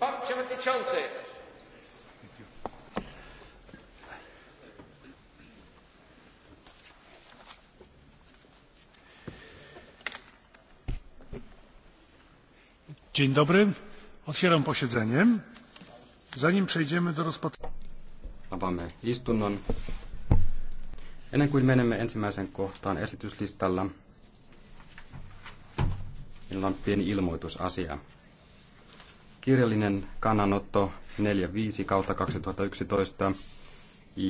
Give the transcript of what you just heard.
Pan Przewodniczący! Dzień dobry. Otwieram posiedzenie. Zanim przejdziemy do rozpatrzenia... Avaamme istunnon. Ennen kuin menemme ensimmäiseen kohtaan esityslistalla, meillä on pieni ilmoitusasia kirjallinen kannanotto 45 kautta 2011